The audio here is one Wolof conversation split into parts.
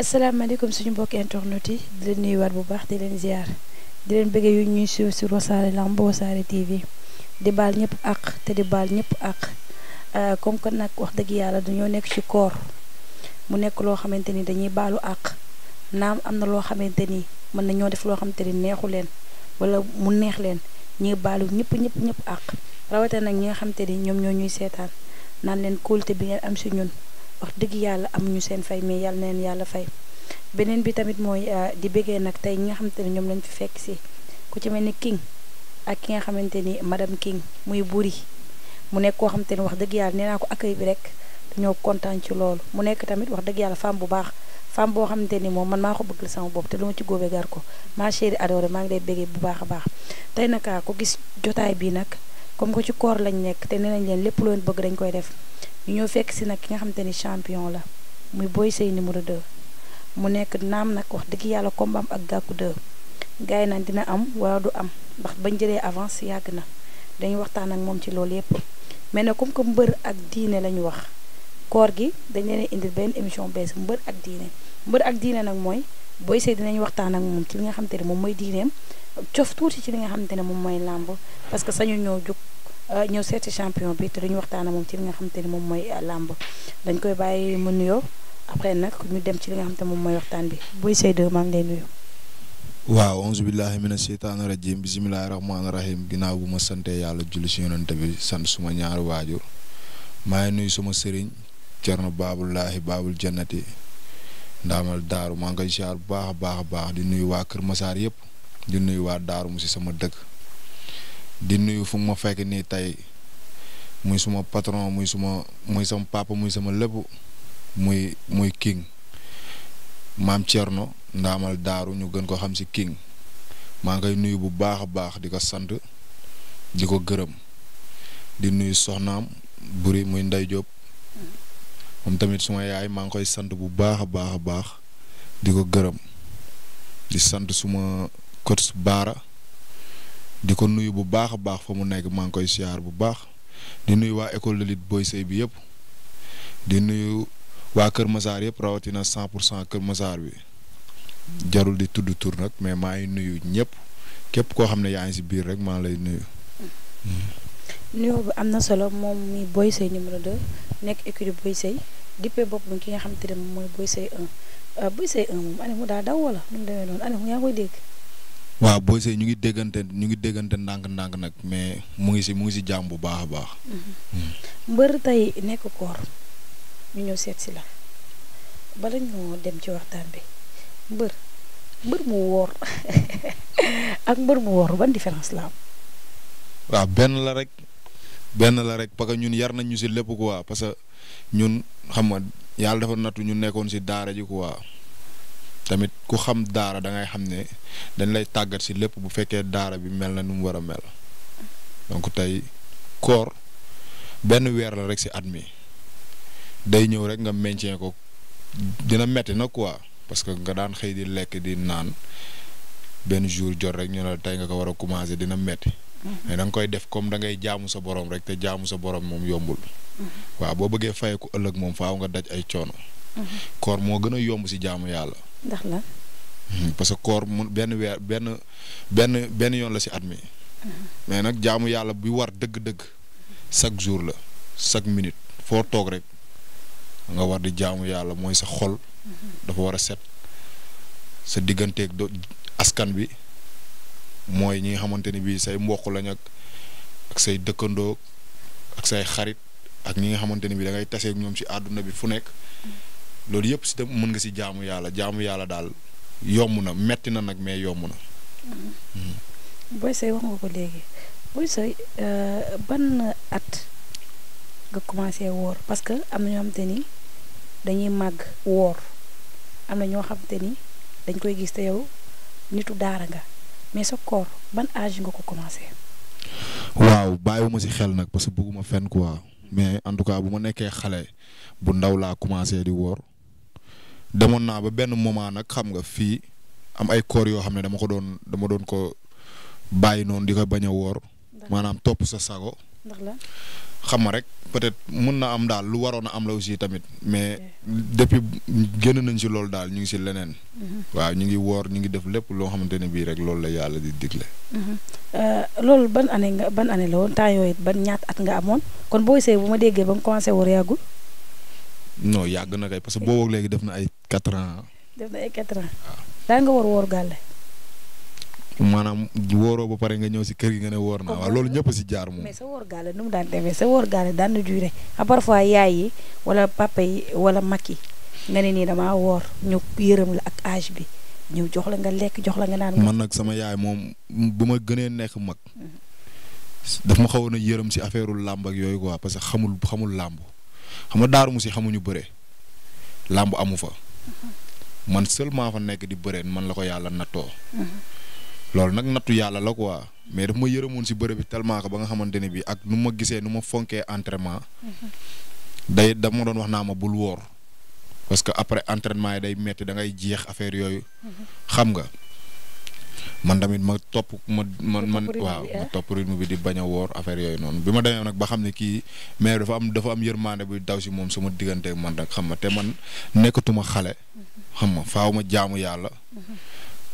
asalaamaaleykum suñu mbokk internet yi di leen nuyuwaat bu baax di leen ziar di leen bëggee yu ñuy suivre sur wasaare lamb wasaare TV di baal ñëpp àq te di baal ñëpp àq euh, comme que nag wax dëgg yàlla dañoo nekk ci koor mu nekk loo xamante ni dañuy baalu àq naam am na loo xamante ni mën nañoo def loo xamante ni neexu leen wala mu neex leen ñuy baalu ñëpp ñëpp ñëpp àq rawatina nag ñi nga xamante ni ñoom ñoo ñuy seetaan naan leen kóolute bi ngeen am si ñun. wax dëgg yàlla amuñu seen fay mais yàlla neen yàlla fay beneen bi tamit mooy euh, di bëggee nag tey ñi nga xamante ne ñoom lañ fi fekk si ku ci mel ni King ak ki nga xamante ni madame King muy Buri mu nekk koo xamante ni wax dëgg yàlla nee naa ko accueil bi rek dañoo kontaan ci loolu mu nekk tamit wax dëgg yàlla femme bu baax femme boo xamante ni moom man maa ko bëggal sama boob te lu ma ci góobee gar ko ma chérie adoré maa ngi lay bëggee bu baax a baax tey nag ah, ko gis jotaay bi nag comme ko ci koor lañ nekk te nee nañ leen lépp loon bëgg dañ koy def ñu ñëw fekk si nag ki nga xamante ni champion la muy Boy Seye numéro 2 mu nekk naam nag wax dëgg yàlla kombaam ak Gackou 2 gars naan dina am wala du am ndax bañ jëlee avance yàgg na dañuy waxtaan ak moom ci loolu yépp mais nag comme que mbër ak diine la ñu wax koor gi dañ leen indi benn émission bees mbër ak diine mbër ak diine nag mooy booy Seye dinañ waxtaan ak moom ci li nga xamante ni moom mooy diineem cof tuuti ci li nga xamante ne moom mooy làmb parce que sañu ñoo jug Euh, ñëw seeti champion bi te duñu waxtaan moom ci li nga xamante ni moom mooy euh, làmb dañ koy bàyyi mu nuyoo après nag ñu dem ci li nga xamante moom mooy waxtaan bi Boy Seye 2 maa ngi nuyu. ginnaaw bu ma santee yàlla julli si sant suma ñaari waajur maa ngi nuyu suma sëriñ Cerno Baabulaahi Baabul Jannati ndaamal daaru maa ngi koy siyaar bu baax a baax a baax di nuyu waa Kër Masaar yëpp di nuyu waa daaru mu sama dëkk di nuyu fu ma fekk nii tey muy suma patron muy suma muy sama papa muy sama lépp muy muy king maam Thierno ndaamal daaru ñu gën ko xam ci king maa koy nuyu bu baax a baax di ko sant di ko gërëm di nuyu soxnaam buri muy Ndey Jóob moom tamit suma yaay maa ngi koy sant bu baax a baax baax di ko gërëm di sant suma coach Baara di ko nuyu bu baax a baax fa mu nekk maa ngi koy siyaar bu baax di nuyu waa école de lutte Boy Sey bi yëpp di nuyu waa Kër Masaar yëpp rawatina cent pour cent Kër Masaar bi jarul di tudd tur nag mais maa ngi nuyu ñëpp képp koo xam ne yaa ngi si biir rek maa lay nuyu. Hmm. nuyoo bi am na solo moom mi Boy Sey numéro 2 nekk écurie Boy Sey dippee boppam ki nga xam te ne mooy Boy Sey 1 euh, Boy Sey 1 moom année mu daa daw wala nu mu demee noonu année mu waaw boo see ñu ngi déggante ñu ngi déggante ndànk-ndànk nag mais mu ngi si mu ngi si jàmm bu baax baax. Mm-hmm. mbër tey nekk koor ñu ñëw seet si la bala ñoo dem ci waxtaan bi mbër mbër mu woor ak mbër mu woor ban différence la am. benn la rek benn la rek parce que ñun yar nañ ñu si lépp quoi parce que ñun xam nga yàlla dafa nattu ñu nekkoon si daara ji quoi. tamit ku xam daara da ngay xam ne dañ lay tàggat si lépp bu fekkee daara bi mel na nu mu war a mel donc tey koor benn weer la rek si at mi day ñëw rek nga maintien ko dina metti nag quoi parce que nga daan xëy di lekk di naan benn jour jot rek ñu ne tey nga ko war a commencer dina metti mm-hmm. mais da koy def comme da ngay jaamu sa borom rek te jaamu sa borom moom yombul. Mm-hmm. waaw boo bëggee fay ko ëllëg moom faaw nga daj ay coono. Mm-hmm. koor moo gën a yomb si jaamu yàlla. ndax hmm, parce que koor mun benn weer benn benn benn yoon la si at mi. Hmm. mais nag jaamu yàlla bi war dëgg-dëgg. chaque jour la saq minute foo toog rek nga war di jaamu yàlla mooy sa xol. Hmm. dafa war a set sa digganteek do askan bi mooy ñi nga xamante ni bii say mboq lañ ak say dëkkandoo ak say xarit ak ñi nga xamante ni bii da ngay taseeg ñoom si àdduna bi fu nekk. loolu yëpp si tam mën nga si jaamu yàlla jaamu yàlla daal yomb na metti na nag mais yomb na. Mm-hmm. Boy Seye wax nga ko léegi Boy Seye euh, ban at nga commencé woor parce que am na ñoo xamante ni dañuy màgg woor am na ñoo xamante dañ koy gis te yow nitu daara nga mais sa koor ban âge nga ko commencé. waaw bàyyiwuma si xel nag parce que bugguma fenn quoi mais en tout cas bu ma nekkee xale bu ndaw laa commencé di woor. demoon naa ba benn moment nag xam nga fii am ay koor yoo xam ne dama ko doon dama doon ko bàyyi noonu di ko bañ a woor. maanaam topp sa sago. xam ma rek peut-être mun na am daal lu waroon a am la aussi tamit mais depuis génn nañ si loolu daal ñu ngi si leneen. Mhm. waaw ñu ngi woor ñu ngi def lépp loo xamante ne bii rek loolu la yàlla di digle. ba mhm. euh, ban année nga ban année la woon temps yooyu ban ñaat at nga amoon kon boo see bu ma déggee ba nga commencé woor non yàgg na kay parce que boobu léegi def na ay quatre ans. ay quatre ans. waaw ah. daa nga war woor gàlle. maanaam wóoroo ba pare nga ñëw si kër gi nga ne woor naa waaw loolu ñëpp si jaar moom. mais sa woor gàlle daan demee sa woor daan na jure à parfois wala papa wala mag yi nga ne damaa woor ñu yërëm ak âge bi ñëw jox la nga lekk jox la nga naan. man nag sama yaay moom bu ma gënee nekk mag. Mhm. daf ma xawoon a yërëm si affaire làmb ak yooyu quoi parce que xamul xamul làmb. xam nga daaru musi xamuñu bëre làmbu amu fa uh-huh. man seulement fa nekk di bëre man la ko yàlla nattoo uh-huh. loolu nag nattu yàlla la ko waa mais daf ma yërëmoon si bëre bi tellement ko ba nga xamante ne bi ak nu ma gisee nu ma fonkee entraînement uh-huh. day da ma doon wax naa ma bul woor parce que après entraînement yi day metti da ngay jeex affaire yooyu xam nga man tamit ma topp ma man man waaw ma eh? topp rythme bi di bañ a woor affaire yooyu noonu bi ma demee nag ba xam ne kii mais dafa am dafa am yërmande buy daw si moom sama digganteeg man rek xam ma te man nekkatuma xale xam ma faaw ma jaamu yàlla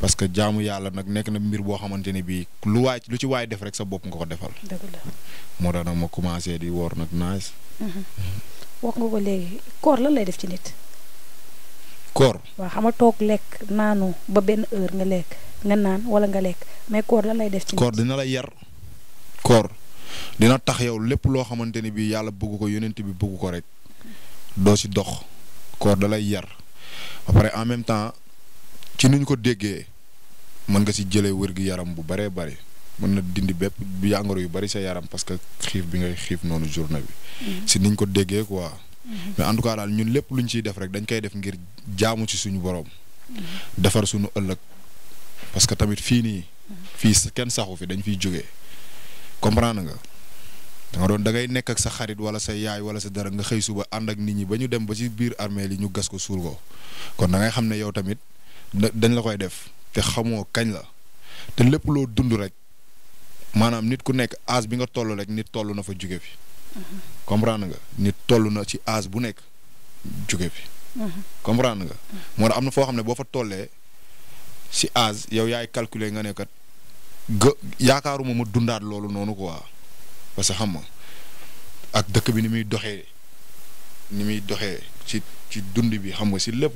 parce que jaamu yàlla nag nekk na mbir boo xamante ni bii lu waay lu ci waay def rek sa bopp nga ko defal. moo tax nag ma commencé di woor nag naaj. Mm-hmm. koor lan lay def ci nit. koor waaw xam nga toog lekk naanu ba benn heure nga lekk nga naan wala nga lekk mais koor lan def ci dina la yar koor dina tax yow lépp loo xamante ni bii yàlla bëgg ko yonent bi bëgg ko rek doo si dox koor da lay yar ba pare en même temps ci nuñ ko déggee mën nga si jëlee wér gi yaram bu bëree bëri mën na dindi bépp yàngoro yu bëri sa yaram parce que xiif bi ngay xiif noonu journée bi mm-hmm. si niñ ko déggee quoi mais en tout cas daal ñun lépp lu ñu ciy def rek dañ koy def ngir jaamu ci suñu borom. defar suñu ëllëg parce que tamit fii nii. fii kenn saxu fi dañ fiy jóge comprendre nga. da doon dangay nekk ak sa xarit wala sa yaay wala sa dara nga xëy suba ànd ak nit ñi ba ñu dem ba ci biir armeel yi ñu gas ko suul ko kon da ngay xam ne yow tamit dañ la koy def te xamoo kañ la te lépp loo dund rek maanaam nit ku nekk âge bi nga toll rek nit toll na fa jóge fi comprendre nga nit toll na ci âge bu nekk jóge bi comprendre nga. moo tax am na foo xam ne boo fa tollee si âge yow yaay calculer nga ne kat gë yaakaaruma ma dundaat loolu noonu quoi parce que xam nga ak dëkk bi ni muy doxee ni muy doxee ci ci dund bi xam nga si lépp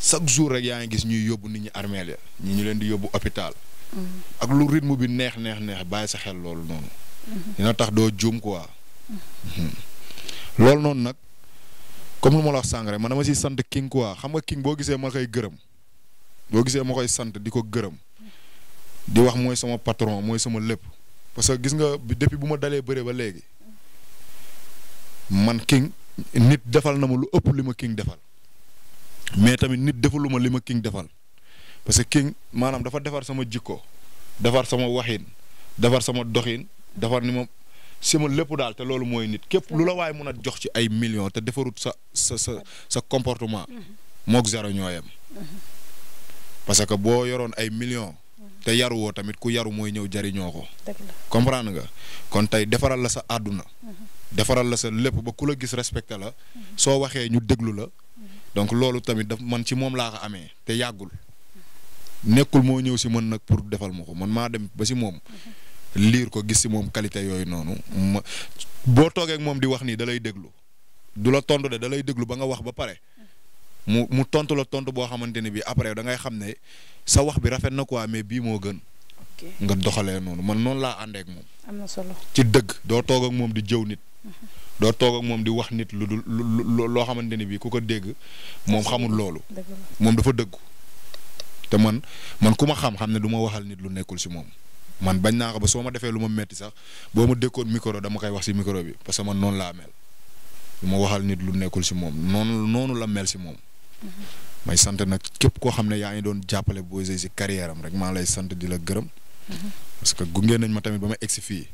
chaque jour rek yaa ngi gis ñuy yóbbu nit ñu armeel ya ñi ñu leen di yóbbu hôpital. Mm-hmm. ak lu rythme bi neex neex neex bàyyi sa xel loolu noonu. Mm-hmm. dina tax doo juum quoi. Hmm. loolu noonu nag comme lu ma la wax sànq rek man dama siy sant king quoi xam nga king boo gisee ma koy gërëm boo gisee ma koy sant di ko gërëm di wax mooy sama patron mooy sama lépp parce que gis nga depuis bu ma dalee bëre ba léegi man king nit defal na ma lu ëpp li ma king defal mais tamit nit defalu ma li ma king defal parce que king maanaam dafa defar sama jikko defar sama waxin defar sama doxin defar ni ma sama lépp daal te loolu mooy nit képp lu la waaye mën a jox ci ay millions te defarut sa sa sa comportement. Mm-hmm. mook zéro ñooyam. Mm-hmm. parce que boo yoroon ay millions. Mm-hmm. te yaruwoo tamit ku yaru mooy ñëw jariñoo ko. comprendre nga kon tey defaral la sa àdduna. defaral la sa lépp ba ku la gis respecté la. soo waxee ñu déglu la. donc loolu tamit daf man ci moom laa ko amee te yàggul. nekkul moo ñëw si man nag pour defal ma ko man maa dem ba si moom. liir ko gis si moom qualité yooyu noonu boo toogeek moom di wax nii dalay déglu du la tontu de da lay déglu ba nga wax ba pare mu mu tontu la tontu boo xamante ne bii après da ngay xam ne sa wax bi rafet na quoi mais bii moo gën. nga doxalee noonu man noonu laa àndee ak moom. ci dëgg doo toog ak moom di jëw nit. Mhm. doo toog ak moom di wax nit lu dul loo xamante ni bii ku ko dégg moom xamul loolu. moom dafa dëgg. te man man ku ma xam xam ne du ma waxal nit lu nekkul si moom. man bañ naa ko ba soo ma defee lu ma metti sax boo ma dékkoon micro dama koy wax si micro bi parce que man noonu laa mel waxal nit lu nekkul si moom noonu noonu la mel si moom. Mm-hmm. may sant nag képp koo xam ne yaa ngi doon jàppale Boy Seye si carrière rek maa lay sant di la gërëm. Mm-hmm. parce que gunge nañ ma tamit ba ma si fii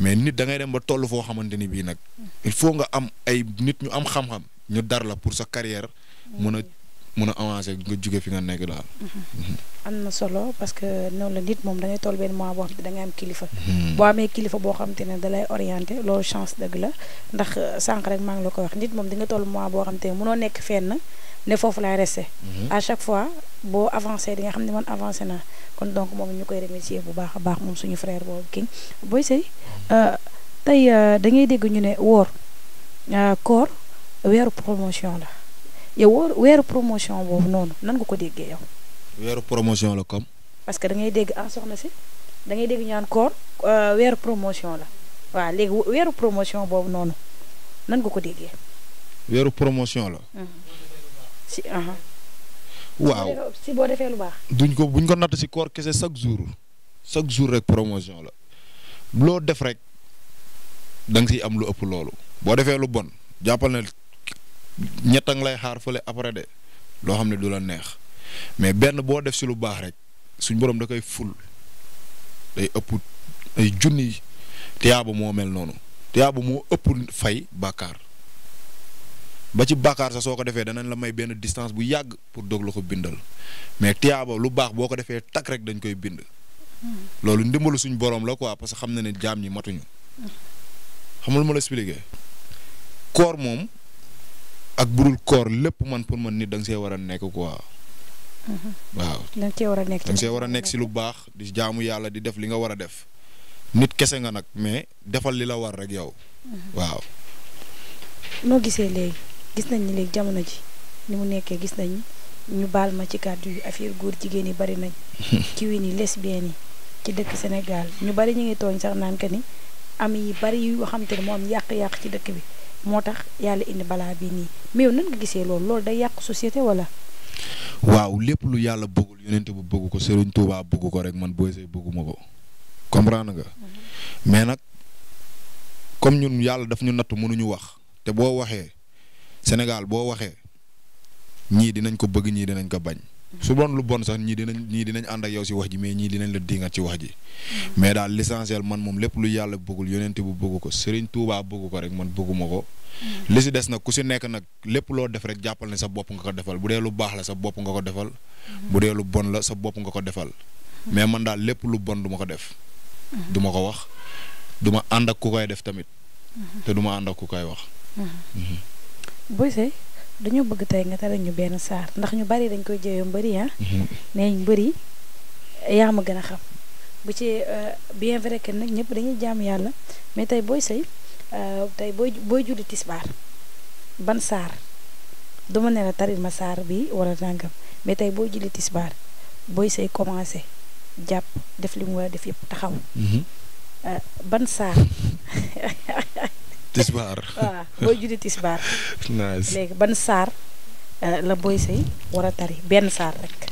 mais nit da ngay dem ba toll foo xamante ni bii nag. il faut nga am ay nit ñu am xam-xam ñu dar la pour sa carrière mën a mm-hmm. mën a avancer nga jóge fi nga nekk daal. Mm-hmm. am na solo parce que noonu la nit moom dangay ngay toll benn mois boo xam te da ngay amee kilifa boo xam ne da lay orienté loolu chance dëgg la ndax euh, sànq rek maa ngi la koy wax nit moom di nga toll mois boo xam te ne mënoo nekk fenn ne foofu laay resté. Mm-hmm. à chaque fois boo avancé di nga xam ne man avancé naa kon donc moom ñu koy remercier bu baax a baax moom suñu frère boobu King Boy Seye mm-hmm. euh, tey euh, da ngay dégg ñu ne woor koor weeru promotion la. yow weeru promotion boobu noonu nan ko ko déggee yow. weeru promotion la comme. parce que dangay dégg ah soxna si da ngay dégg ñaan koor euh, weeru promotion la waaw léegi weeru promotion boobu noonu nan nga ko déggee. weeru promotion mm-hmm. si. Uh-huh. waaw si boo defee lu baax. duñ ko buñ ko natt si koor kese chaque jour chaque jour rek promotion la loo def rek da si siy am lu ëpp loolu. boo defee lu bon jàppal ne ñett a lay xaar fële après de loo xam ne du la neex mais benn boo def si lu baax rek suñ borom da koy ful day ëpp ay junni tiyaaba moo mel noonu tiyaaba moo ëpp fay bàkkaar ba ci bàkkaar sax soo ko defee danañ la may benn distance bu yàgg pour dog la ko bindal mais tiyaaba lu baax boo ko defee tak rek dañ koy bind. Hmm. loolu ndimbalu suñ borom la ko parce que xam na ne jaam ñi matuñu. Hmm. xam nga lu ma la expliqué koor moom ak budul koor lépp man pour man nit da see war a nekk quoi. waaw da nga see war a nekk da nga war a nekk si lu baax di jaamu yàlla di def li nga war a def nit kese nga nag mais defal li la war rek yow. waaw. noo gisee léegi gis nañ ni léegi jamono ji ni mu nekkee gis nañ ñu baal ma ci kàddu yu affaire góor jigéen yi bari nañ. ci wii nii lesbiennes yi ci dëkk Sénégal ñu bari ñu ngi tooñ sax naan que ni am yi bari yu xam te ne moom yàq-yàq ci dëkk bi. moo tax yàlla indi balaa bi nii mais yow nan gisee loolu loolu day yàq société walla waaw lépp lu yàlla bëggul yonent bu bëgg ko Serigne Touba bëgg ko rek man Boy Seye bëgguma ko comprendre nga. Mhm. mais nag comme ñun yàlla daf ñu natt mënuñu wax te boo waxee Sénégal boo waxee ñii dinañ ko bëgg ñii dinañ ko bañ. su bon lu bon sax ñii dinañ ñii dinañ ànd ak yow si wax ji mais ñii dinañ la diingat ci wax ji. mais daal l'essentiel man moom lépp lu yàlla bëggul yonent bu bëgg ko Serigne Touba bëgg ko rek man bëgguma ko. Hmm. li si des nag ku si nekk nag lépp loo def rek jàppal ne sa bopp nga ko defal bu dee lu baax la sa bopp nga ko defal. Hmm. bu dee bon la sa bopp nga ko defal. Hmm. mais man daal lépp lu bon duma ko def. duma ko wax du ma ànd ak ku koy def tamit. te du ma ànd ak ku koy wax. dañoo bëgg tey nga tere ñu benn saar ndax ñu bari dañ koy jëyoo mbëri ah. Mhm. nee ñu mbëri yaa ma gën a xam bu ci euh, bien vrai que nag ñëpp dañuy jàmm yàlla mais tey booy sëy euh, tey booy booy julli tisbaar ban saar duma ne la ma saar bi wala nangam mais tey booy julli tisbaar booy sëy commencé jàpp def li mu def yëpp taxaw. Mhm. Euh, ban saar tisbaar booy julli tisbaar. nice léegi ban saar euh, la booy sëy war a tari benn saar rek.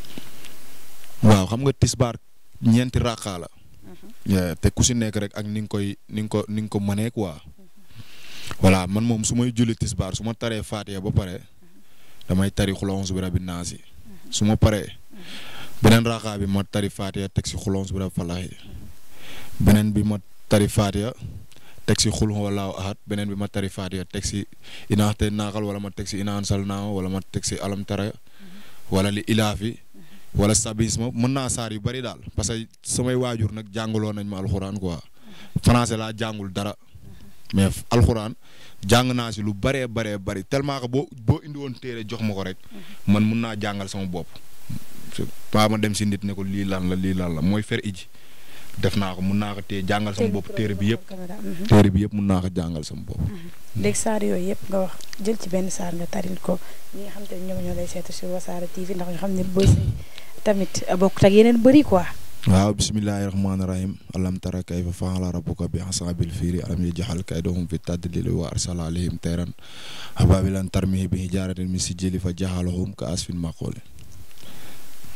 waaw xam nga tisbaar ñeenti raaxaa la. Mhm. te ku si nekk rek ak ni nga koy ni nga ko ni nga ko mënee quoi. Mhm. voilà man moom su may julli tisbaar su ma taree faatiya ba pare mhm. damay tari xulonse bi rabi naas su ma paree beneen raaxaa bi ma tari faatiya teg si xulonse bi rabi falaax yi beneen bi ma tari faatiya teg si xul wala ahad beneen bi ma tari faatiya teg si inaxte naaxal wala ma teg si ina ansal wala ma teg si alam tara wala li ilaafi wala ma mën naa saar yu bëri daal parce que samay waajur nag jàngaloo nañ ma alxuraan quoi français laa jàngul dara mais alxuraan jàng naa si lu bëree bëree bëri tellement que boo indi woon téere jox ma ko rek man mun naa jàngal sama bopp. paa ma dem si ndit ne ko lii lan la lii lan la mooy fer iji def naa ko mun naa ko téye jàngal sama bopp téere bi yëpp téere bi yëpp mun naa ko jàngal sama bopp. Mhm. léegi saar yooyu yëpp nga wax jël ci benn saar nga taril ko ñi nga xam te ñoom ñoo lay seetu sur Wassare TV ndax ñu xam ne Boy Seye a bokkut ak yeneen bëri quoi. waaw bisimilahi rahmaani rahim alam tara kayfa fa'ala rabbuka bi ashabil fiiri alam yaj'al kaydahum fi tadlil wa arsala alayhim tayran ababilan tarmihim bi hijaratin min sijjilin fa ja'alahum ka asfin maqul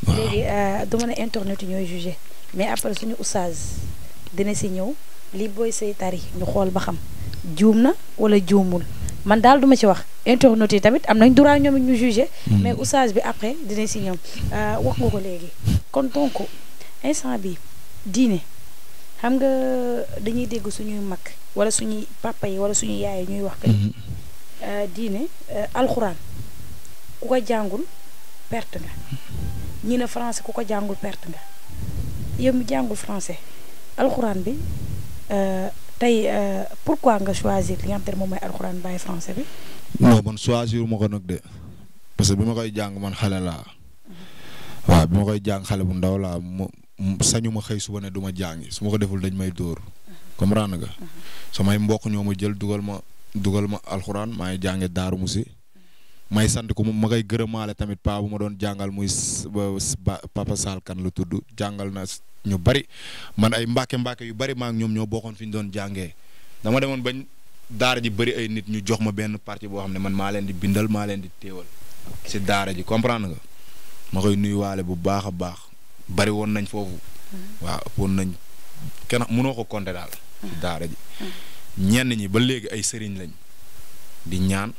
léegi euh, dama internet ñooy jugé mais après suñu oustaz dina si ñëw li booy say tari ñu xool ba xam juum na wala juumul man daal duma ci wax internautes yi tamit am nañ droit ñoom ñu jugé. Hmm. mais oustaz bi après dina si ñëw euh, wax nga ko léegi kon donc instant bi diine xam nga dañuy dégg suñuy mag wala suñuy papa yi wala suñu yaay ñuy wax kay hmm. euh, diine euh, alxuraan ku ko jàngul perte nga ñi ne français ku ko jàngul perte nga yow mi jàngul français alxuraan bi euh, tey euh, pourquoi nga choisir li nga xam te moom mooy alxuraan bàyyi français bi. non man choisir ma ko nag de parce que bi ma koy jàng man xale laa waaw bi ma koy jàng xale bu ndaw laa mu sañu ma xëy suba ne du ma jàngi su ma ko deful dañ may dóor. comprendre nga. samay mbokk ñoo jël dugal ma dugal ma alxuraan maa ngi jànge Darou Moussi may sant ko ma koy gërëmaale tamit paa bu ma doon jàngal muy papa Sall kan la tudd jàngal na ñu bari man ay mbàkke mbàkke yu bari maak ñoom ñoo bokkoon fi ñu doon jàngee dama demoon bañ daara ji bari ay nit ñu jox ma benn partie boo xam ne man maa leen di bindal maa leen di téewal si daara ji comprendre nga ma koy nuyuwaale bu baax a baax bari woon nañ foofu hmm. waaw ëppoon nañ kenn mënoo ko konte daal hmm. daara ji hmm. ñenn ñi ba léegi ay sëriñ lañ di ñaan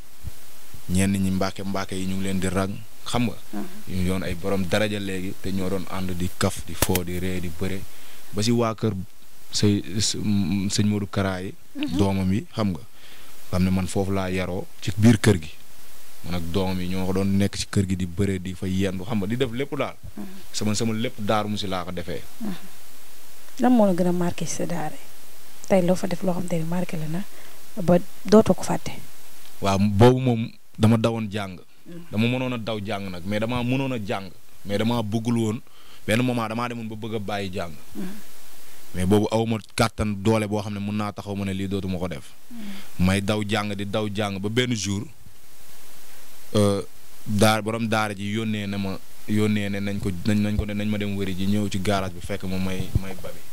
ñenn ñi mbàkke mbaake yi ñu ngi leen di rang xam nga. Ah. ñu yoon ay boroom daraja léegi te ñoo doon ànd di kaf di foo di ree di bëre ba si waa kër say mm, sëñ Modou Kara yi. Mhm. doomam yi xam nga. xam ne man foofu laa yaroo ci biir kër gi man ak doomam yi ñoo doon nekk ci kër gi di bëre di fa yendu xam nga di def lépp daal. Mhm. sama sama lépp daaru mu si laa ko defee. Mhm. lan moo la gën a marqué si sa daara tey loo fa def loo xam te ne marqué la na ba dootoo ko fàtte. waaw boobu moom dama dawoon jàng. dama mënoon a daw jàng nag mais damaa mënoon a jàng mais damaa bëggul woon benn moment damaa demoon ba bëgg a bàyyi jàng. mais boobu awma kàttan doole boo xam ne mën naa taxaw ma ne lii dootuma ko def. may daw jàng di daw jàng ba benn jour euh, daar borom daara ji yónnee na ma yónnee ne nañ ko nañ nañ ko nañ ma dem wëri ji ñëw ci garage bi fekk ma may may